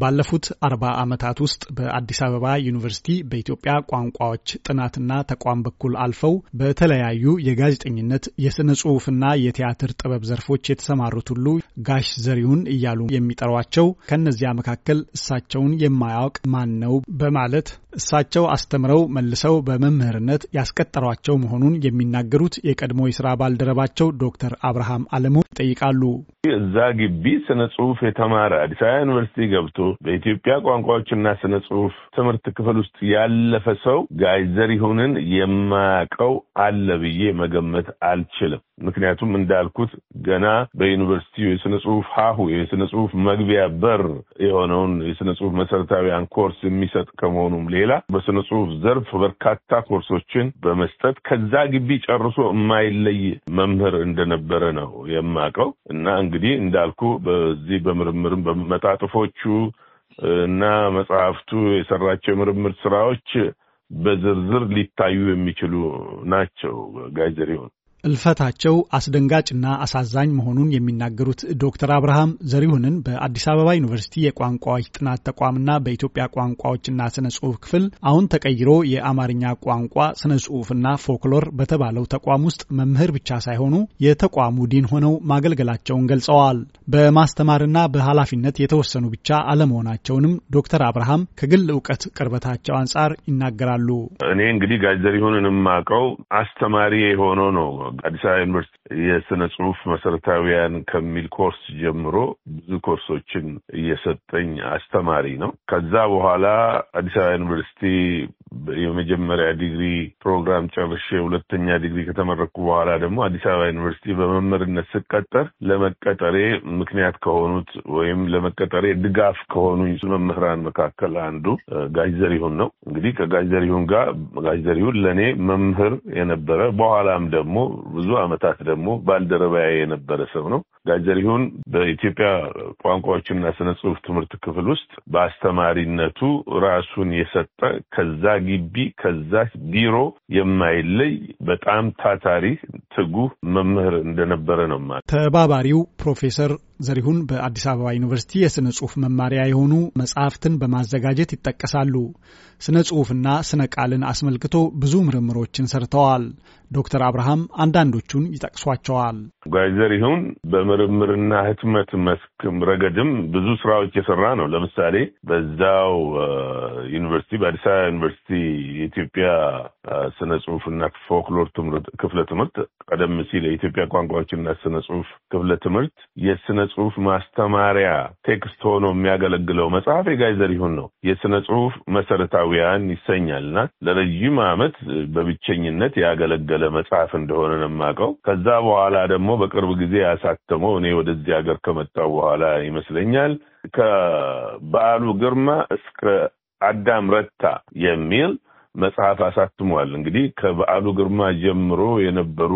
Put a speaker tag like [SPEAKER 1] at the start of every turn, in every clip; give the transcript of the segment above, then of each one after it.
[SPEAKER 1] ባለፉት አርባ ዓመታት ውስጥ በአዲስ አበባ ዩኒቨርሲቲ በኢትዮጵያ ቋንቋዎች ጥናትና ተቋም በኩል አልፈው በተለያዩ የጋዜጠኝነት የስነ ጽሁፍና የቲያትር ጥበብ ዘርፎች የተሰማሩት ሁሉ ጋሽ ዘሪሁን እያሉ የሚጠሯቸው ከነዚያ መካከል እሳቸውን የማያውቅ ማን ነው በማለት እሳቸው አስተምረው መልሰው በመምህርነት ያስቀጠሯቸው መሆኑን የሚናገሩት የቀድሞ የስራ ባልደረባቸው ዶክተር አብርሃም አለሙ ይጠይቃሉ።
[SPEAKER 2] እዛ ግቢ ስነ ጽሁፍ የተማረ አዲስ አበባ ዩኒቨርሲቲ ገብቶ በኢትዮጵያ ቋንቋዎችና ስነ ጽሁፍ ትምህርት ክፍል ውስጥ ያለፈ ሰው ጋይዘር ይሁንን የማያውቀው አለ ብዬ መገመት አልችልም። ምክንያቱም እንዳልኩት ገና በዩኒቨርሲቲው የስነ ጽሁፍ ሀሁ የስነ ጽሁፍ መግቢያ በር የሆነውን የስነ ጽሁፍ መሰረታዊያን ኮርስ የሚሰጥ ከመሆኑም ሌላ ሌላ በስነ ጽሁፍ ዘርፍ በርካታ ኮርሶችን በመስጠት ከዛ ግቢ ጨርሶ የማይለይ መምህር እንደነበረ ነው የማውቀው እና እንግዲህ እንዳልኩ በዚህ በምርምርም በመጣጥፎቹ እና መጽሐፍቱ የሰራቸው የምርምር ስራዎች በዝርዝር ሊታዩ የሚችሉ ናቸው። ጋይ
[SPEAKER 1] እልፈታቸው አስደንጋጭና አሳዛኝ መሆኑን የሚናገሩት ዶክተር አብርሃም ዘሪሁንን በአዲስ አበባ ዩኒቨርሲቲ የቋንቋዎች ጥናት ተቋምና በኢትዮጵያ ቋንቋዎችና ስነ ጽሁፍ ክፍል አሁን ተቀይሮ የአማርኛ ቋንቋ ስነ ጽሁፍና ፎክሎር በተባለው ተቋም ውስጥ መምህር ብቻ ሳይሆኑ የተቋሙ ዲን ሆነው ማገልገላቸውን ገልጸዋል። በማስተማርና በኃላፊነት የተወሰኑ ብቻ አለመሆናቸውንም ዶክተር አብርሃም ከግል እውቀት ቅርበታቸው አንጻር ይናገራሉ።
[SPEAKER 2] እኔ እንግዲህ ጋዜጠር ይሁንንም አስተማሪ የሆነው ነው አዲስ አበባ ዩኒቨርሲቲ የስነ ጽሁፍ መሰረታዊያን ከሚል ኮርስ ጀምሮ ብዙ ኮርሶችን እየሰጠኝ አስተማሪ ነው። ከዛ በኋላ አዲስ አበባ ዩኒቨርሲቲ የመጀመሪያ ዲግሪ ፕሮግራም ጨርሼ ሁለተኛ ዲግሪ ከተመረቅኩ በኋላ ደግሞ አዲስ አበባ ዩኒቨርሲቲ በመምህርነት ስቀጠር ለመቀጠሬ ምክንያት ከሆኑት ወይም ለመቀጠሬ ድጋፍ ከሆኑኝ መምህራን መካከል አንዱ ጋሽ ዘሪሁን ነው። እንግዲህ ከጋሽ ዘሪሁን ጋር ጋሽ ዘሪሁን ለእኔ መምህር የነበረ በኋላም ደግሞ ብዙ ዓመታት ደግሞ ባልደረባያ የነበረ ሰው ነው። ጋሽ ዘሪሁን በኢትዮጵያ ቋንቋዎችና ስነ ጽሁፍ ትምህርት ክፍል ውስጥ በአስተማሪነቱ ራሱን የሰጠ ከዛ ግቢ ከዛች ቢሮ የማይለይ በጣም ታታሪ ትጉህ መምህር እንደነበረ ነው ማለት
[SPEAKER 1] ተባባሪው ፕሮፌሰር ዘሪሁን በአዲስ አበባ ዩኒቨርሲቲ የስነ ጽሁፍ መማሪያ የሆኑ መጽሐፍትን በማዘጋጀት ይጠቀሳሉ። ስነ ጽሁፍና ስነ ቃልን አስመልክቶ ብዙ ምርምሮችን ሰርተዋል። ዶክተር አብርሃም አንዳንዶቹን ይጠቅሷቸዋል።
[SPEAKER 2] ጓይ ዘሪሁን በምርምርና ህትመት መስክም ረገድም ብዙ ስራዎች የሰራ ነው። ለምሳሌ በዛው ዩኒቨርሲቲ በአዲስ አበባ ዩኒቨርሲቲ የኢትዮጵያ ስነ ጽሁፍና ፎክሎር ክፍለ ትምህርት ቀደም ሲል የኢትዮጵያ ቋንቋዎችና ስነ ጽሁፍ ክፍለ ትምህርት የስነ ጽሁፍ ማስተማሪያ ቴክስት ሆኖ የሚያገለግለው መጽሐፍ የጋሽ ዘሪሁን ነው። የስነ ጽሁፍ መሰረታዊያን ይሰኛልና ለረዥም ዓመት በብቸኝነት ያገለገለ መጽሐፍ እንደሆነ ነው የማውቀው። ከዛ በኋላ ደግሞ በቅርብ ጊዜ ያሳተመው እኔ ወደዚህ ሀገር ከመጣው በኋላ ይመስለኛል ከበዓሉ ግርማ እስከ አዳም ረታ የሚል መጽሐፍ አሳትሟል። እንግዲህ ከበዓሉ ግርማ ጀምሮ የነበሩ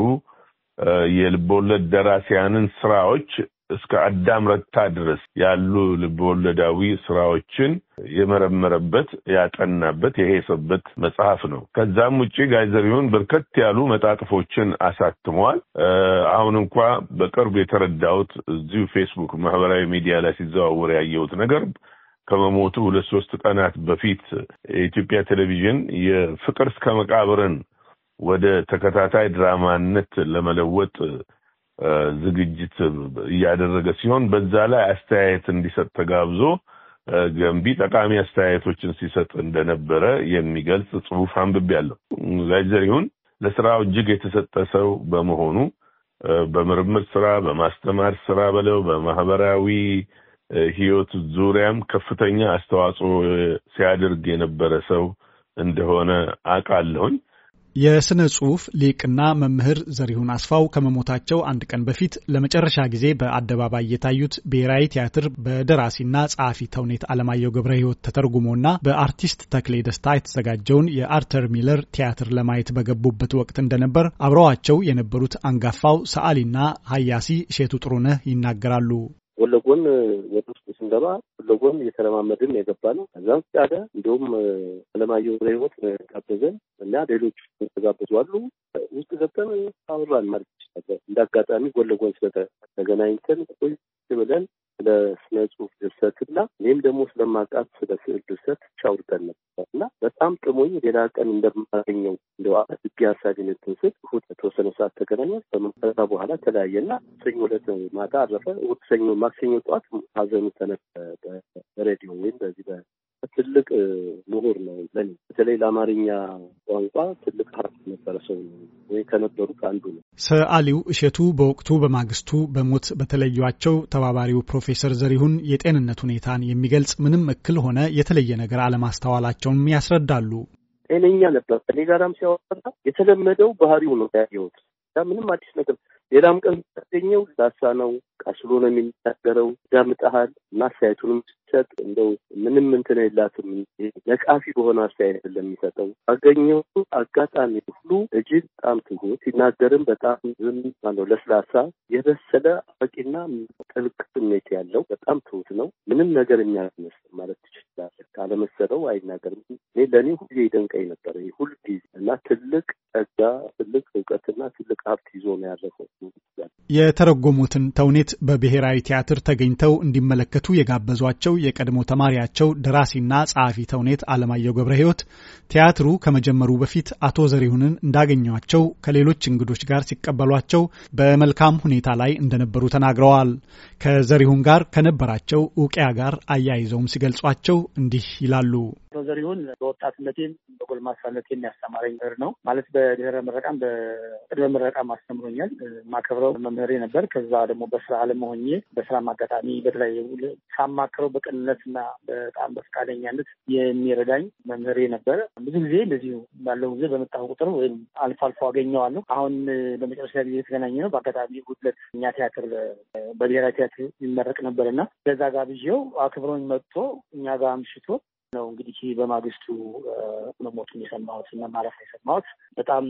[SPEAKER 2] የልቦለድ ደራሲያንን ስራዎች እስከ አዳም ረታ ድረስ ያሉ ልብወለዳዊ ስራዎችን የመረመረበት ያጠናበት የሄሰበት መጽሐፍ ነው። ከዛም ውጭ ጋይዘሪውን በርከት ያሉ መጣጥፎችን አሳትመዋል። አሁን እንኳ በቅርብ የተረዳሁት እዚሁ ፌስቡክ ማህበራዊ ሚዲያ ላይ ሲዘዋወር ያየሁት ነገር ከመሞቱ ሁለት ሶስት ቀናት በፊት የኢትዮጵያ ቴሌቪዥን የፍቅር እስከ መቃብርን ወደ ተከታታይ ድራማነት ለመለወጥ ዝግጅት እያደረገ ሲሆን በዛ ላይ አስተያየት እንዲሰጥ ተጋብዞ ገንቢ ጠቃሚ አስተያየቶችን ሲሰጥ እንደነበረ የሚገልጽ ጽሁፍ አንብቤያለሁ። ያለው ዘሪሁን ለስራው እጅግ የተሰጠ ሰው በመሆኑ በምርምር ስራ፣ በማስተማር ስራ በለው በማህበራዊ ህይወት ዙሪያም ከፍተኛ አስተዋጽኦ ሲያደርግ የነበረ ሰው እንደሆነ አቃለሁኝ
[SPEAKER 1] የስነ ጽሁፍ ሊቅና መምህር ዘሪሁን አስፋው ከመሞታቸው አንድ ቀን በፊት ለመጨረሻ ጊዜ በአደባባይ የታዩት ብሔራዊ ቲያትር በደራሲና ጸሐፊ ተውኔት አለማየሁ ገብረ ሕይወት ተተርጉሞና በአርቲስት ተክሌ ደስታ የተዘጋጀውን የአርተር ሚለር ቲያትር ለማየት በገቡበት ወቅት እንደነበር አብረዋቸው የነበሩት አንጋፋው ሰዓሊና ሀያሲ እሼቱ ጥሩነህ ይናገራሉ።
[SPEAKER 3] ጎን ለጎን ወደ ውስጥ ስንገባ ጎን ለጎን እየተለማመድን የገባ ነው። ከዛም ውጭ እንዲሁም አለማየሁ ህይወት ጋበዘን እና ሌሎች ተጋበዙ አሉ። ውስጥ ገብተን አወራን ማለት ይችላለ። እንደ አጋጣሚ ጎን ለጎን ስለተገናኝተን ብለን ስለ ስነ ጽሁፍ ድርሰት እና እኔም ደግሞ ስለማውቃት ስለ ስዕል ድርሰት ቻውርተን ነበር እና በጣም ጥሞኝ ሌላ ቀን እንደማገኘው እንደ አድጌ ሀሳቢነትን ስል እሑድ የተወሰነ ሰዓት ተገናኛል። ከዛ በኋላ ተለያየ እና ሰኞ ዕለት ማታ አረፈ። እሑድ ሰኞ ማክሰኞ ጠዋት ሀዘኑ ተነበ በሬዲዮ ወይም በዚህ በ ትልቅ ምሁር ነው ለኔ በተለይ ለአማርኛ ቋንቋ ትልቅ ሀብት ነበረ ሰው ነው ወይ ከነበሩት አንዱ ነው።
[SPEAKER 1] ሰዓሊው እሸቱ በወቅቱ በማግስቱ በሞት በተለዩቸው ተባባሪው ፕሮፌሰር ዘሪሁን የጤንነት ሁኔታን የሚገልጽ ምንም እክል ሆነ የተለየ ነገር አለማስተዋላቸውም ያስረዳሉ።
[SPEAKER 3] ጤነኛ ነበር። ከኔ ጋራም ሲያወራ የተለመደው ባህሪው ነው ያየሁት። ምንም አዲስ ነገር ሌላም ቀን የምታገኘው ላሳ ነው፣ ቃስሎ ነው የሚናገረው ዳምጠሃል እና አስተያየቱንም ስትሰጥ እንደው ምንም እንትን የላትም ነቃፊ በሆነ አስተያየት ለሚሰጠው አገኘው አጋጣሚ ሁሉ እጅግ በጣም ትሁት ሲናገርም በጣም ዝም ማለው ለስላሳ የበሰለ አዋቂና ጥልቅ ስሜት ያለው በጣም ትሁት ነው። ምንም ነገር የሚያስመስል ማለት ትችላለ ካለመሰለው አይናገርም። ለእኔ ሁሌ ደንቀኝ ነበረ ሁልጊዜ እና ትልቅ ጸጋ ትልቅ እውቀትና ትልቅ ሀብት ይዞ ነው ያለፈው።
[SPEAKER 1] የተረጎሙትን ተውኔት በብሔራዊ ቲያትር ተገኝተው እንዲመለከቱ የጋበዟቸው የቀድሞ ተማሪያቸው ደራሲና ጸሐፊ ተውኔት አለማየሁ ገብረ ሕይወት ቲያትሩ ከመጀመሩ በፊት አቶ ዘሪሁንን እንዳገኟቸው ከሌሎች እንግዶች ጋር ሲቀበሏቸው በመልካም ሁኔታ ላይ እንደነበሩ ተናግረዋል። ከዘሪሁን ጋር ከነበራቸው እውቅያ ጋር አያይዘውም ሲገልጿቸው እንዲህ ይላሉ።
[SPEAKER 4] አቶ ዘሪሁን በወጣትነቴም በጎልማሳነቴም ያስተማረኝ ነው ማለት በድህረ ምረቃም በቅድመ ምረቃ ማስተምሮኛል። ማከብረው መምህሬ ነበር። ከዛ ደግሞ በስራ አለም ሆኜ በስራ አጋጣሚ በተለያየ ሳማክረው በቅንነትና በጣም በፈቃደኛነት የሚረዳኝ መምህሬ ነበር። ብዙ ጊዜ እንደዚሁ ባለው ጊዜ በመጣሁ ቁጥር ወይም አልፎ አልፎ አገኘዋለሁ። አሁን በመጨረሻ ጊዜ የተገናኘ ነው በአጋጣሚ ጉድለት እኛ ቲያትር በብሔራዊ ቲያትር ይመረቅ ነበር እና ለዛ ጋብዤው አክብሮኝ መጥቶ እኛ ጋር አምሽቶ ነው እንግዲህ በማግስቱ መሞቱን የሰማሁት እና ማለፍ የሰማሁት በጣም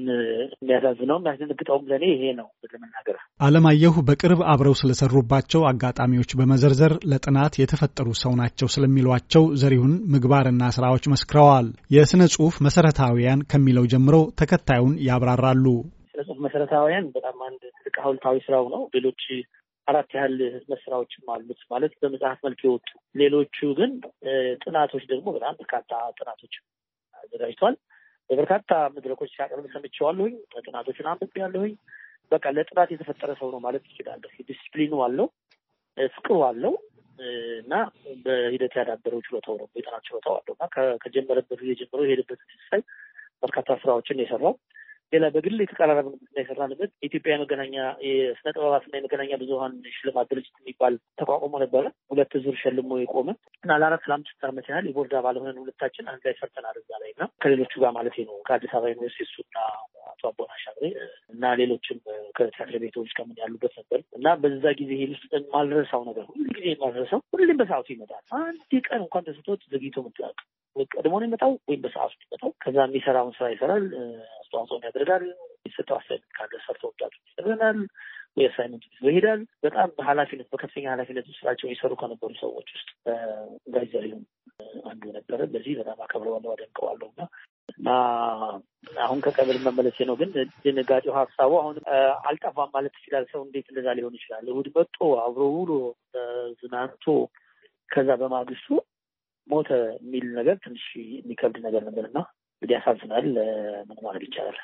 [SPEAKER 4] የሚያሳዝነው የሚያስደነግጠውም ለእኔ ይሄ ነው ለመናገር።
[SPEAKER 1] አለማየሁ በቅርብ አብረው ስለሰሩባቸው አጋጣሚዎች በመዘርዘር ለጥናት የተፈጠሩ ሰው ናቸው ስለሚሏቸው ዘሪሁን ምግባርና ስራዎች መስክረዋል። የስነ ጽሁፍ መሰረታዊያን ከሚለው ጀምሮ ተከታዩን ያብራራሉ።
[SPEAKER 4] ስነ ጽሁፍ መሰረታዊያን በጣም አንድ ትልቅ ሀውልታዊ ስራው ነው። ሌሎች አራት ያህል ህትመት አሉት ማለት በመጽሐፍ መልክ የወጡ ሌሎቹ ግን ጥናቶች ደግሞ በጣም በርካታ ጥናቶች አዘጋጅቷል። በበርካታ መድረኮች ሲያቀርብ ሰምቼዋለሁኝ። ጥናቶችን ያለሁኝ በቃ ለጥናት የተፈጠረ ሰው ነው ማለት ይችላለሁ። ዲስፕሊኑ አለው፣ ፍቅሩ አለው እና በሂደት ያዳበረው ችሎታው ነው የጥናት ችሎታው አለው እና ከጀመረበት ጊዜ ጀምሮ የሄደበት ሳይ በርካታ ስራዎችን የሰራው ሌላ በግል የተቀራረበ እና የሰራንበት የኢትዮጵያ የመገናኛ የስነ ጥበባትና የመገናኛ ብዙሀን ሽልማት ድርጅት የሚባል ተቋቁሞ ነበረ። ሁለት ዙር ሸልሞ የቆመ እና ለአራት ለአምስት ዓመት ያህል የቦርድ አባል ሆነን ሁለታችን አንድ ላይ ሰርተናል እዛ ላይ እና ከሌሎቹ ጋር ማለት ነው ከአዲስ አበባ ዩኒቨርሲቲ እሱና አቶ አቦና ሻብሬ እና ሌሎችም ከትያትር ቤቶች ከምን ያሉበት ነበር እና በዛ ጊዜ ይሄ ልስ ማልረሳው ነገር ሁሉ ጊዜ የማልረሳው ሁሌም በሰዓቱ ይመጣል። አንድ ቀን እንኳን ተስቶት ዘግይቶ ምትላቅ ቀድሞ ነው የሚመጣው ወይም በሰዓቱ ይመጣው። ከዛ የሚሰራውን ስራ ይሰራል፣ አስተዋጽኦን ያደርጋል። የሰጠው አሳይመንት ካለ ሰርቶ ወጣቱ ይሰረናል ወይ አሳይመንት ይሄዳል። በጣም በኃላፊነት በከፍተኛ ኃላፊነት ስራቸው የሰሩ ከነበሩ ሰዎች ውስጥ ጋዜጣ አንዱ ነበረ። በዚህ በጣም አከብረዋለሁ፣ አደንቀዋለሁ እና አሁን ከቀብር መመለሴ ነው። ግን ድንጋጤው ሀሳቡ አሁን አልጠፋም ማለት ይችላል። ሰው እንዴት እንደዛ ሊሆን ይችላል? እሑድ መጦ አብሮ ውሎ ዝናንቶ ከዛ በማግስቱ ሞተ የሚል ነገር ትንሽ የሚከብድ ነገር ነበር እና እንግዲህ ያሳዝናል። ምን ማለት ይቻላል?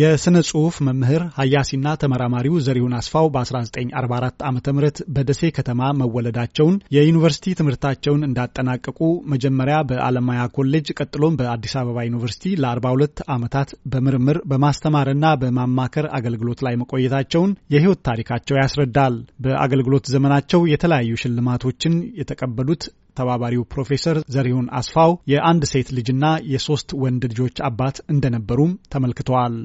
[SPEAKER 1] የሥነ ጽሑፍ መምህር ሀያሲና ተመራማሪው ዘሪሁን አስፋው በ1944 ዓ ም በደሴ ከተማ መወለዳቸውን የዩኒቨርሲቲ ትምህርታቸውን እንዳጠናቀቁ መጀመሪያ በአለማያ ኮሌጅ ቀጥሎም በአዲስ አበባ ዩኒቨርሲቲ ለ42 ዓመታት በምርምር በማስተማርና በማማከር አገልግሎት ላይ መቆየታቸውን የሕይወት ታሪካቸው ያስረዳል። በአገልግሎት ዘመናቸው የተለያዩ ሽልማቶችን የተቀበሉት አስተባባሪው ፕሮፌሰር ዘሪሁን አስፋው የአንድ ሴት ልጅና የሶስት ወንድ ልጆች አባት እንደነበሩም ተመልክተዋል።